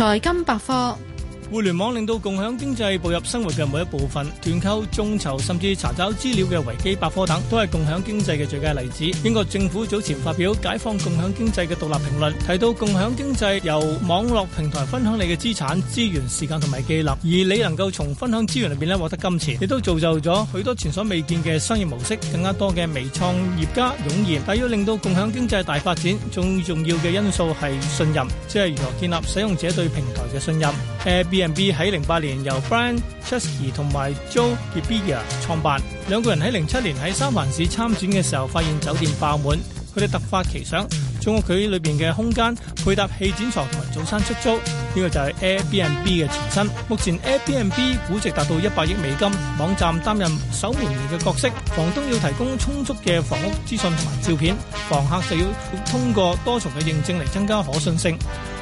財金百科。互聯網令到共享經濟步入生活嘅每一部分，團購、眾籌甚至查找資料嘅維基百科等，都係共享經濟嘅最佳例子。英國政府早前發表《解放共享經濟》嘅獨立評論，提到共享經濟由網絡平台分享你嘅資產、資源、時間同埋技能，而你能夠從分享資源裏邊咧獲得金錢，亦都造就咗許多前所未見嘅商業模式，更加多嘅微創業家湧現。但要令到共享經濟大發展，最重要嘅因素係信任，即係如何建立使用者對平台嘅信任。Airbnb 喺零八年由 Brian Chesky 同埋 Joe Gebbia 創辦，兩個人喺零七年喺三藩市參展嘅時候發現酒店爆滿，佢哋突發奇想，將屋企裏邊嘅空間配搭氣展床同埋早餐出租，呢個就係 Airbnb 嘅前身。目前 Airbnb 估值達到一百億美金，網站擔任守門員嘅角色，房東要提供充足嘅房屋資訊同埋照片，房客就要通過多重嘅認證嚟增加可信性。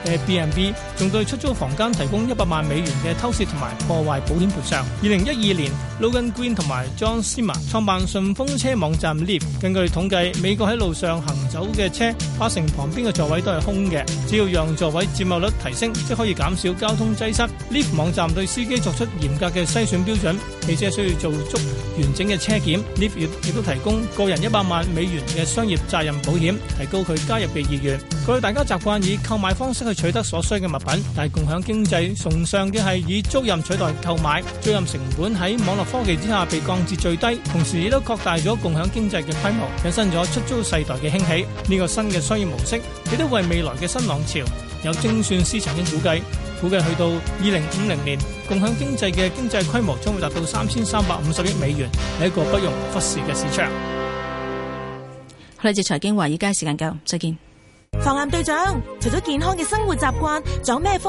誒，B&B 仲對出租房間提供一百萬美元嘅偷竊同埋破壞保險賠償。二零一二年，Logan Green 同埋 John Zimmer 創辦順風車網站 Lyft。根據統計，美國喺路上行走嘅車，八成旁邊嘅座位都係空嘅。只要讓座位佔有率提升，即可以減少交通擠塞。Lyft 網站對司機作出嚴格嘅篩選標準，汽車需要做足完整嘅車檢。Lyft 亦都提供個人一百萬美元嘅商業責任保險，提高佢加入嘅意願。佢哋大家習慣以購買方式。去取得所需嘅物品，但係共享經濟崇尚嘅係以租賃取代購買，租賃成本喺網絡科技之下被降至最低，同時亦都擴大咗共享經濟嘅規模，引申咗出租世代嘅興起。呢個新嘅商業模式亦都為未來嘅新浪潮。有精算師曾經估計，估計去到二零五零年，共享經濟嘅經濟規模將會達到三千三百五十億美元，係一個不容忽視嘅市場。嚟自財經華爾街，時間夠，再見。防癌隊長，除咗健康嘅生活習慣，仲有咩方法？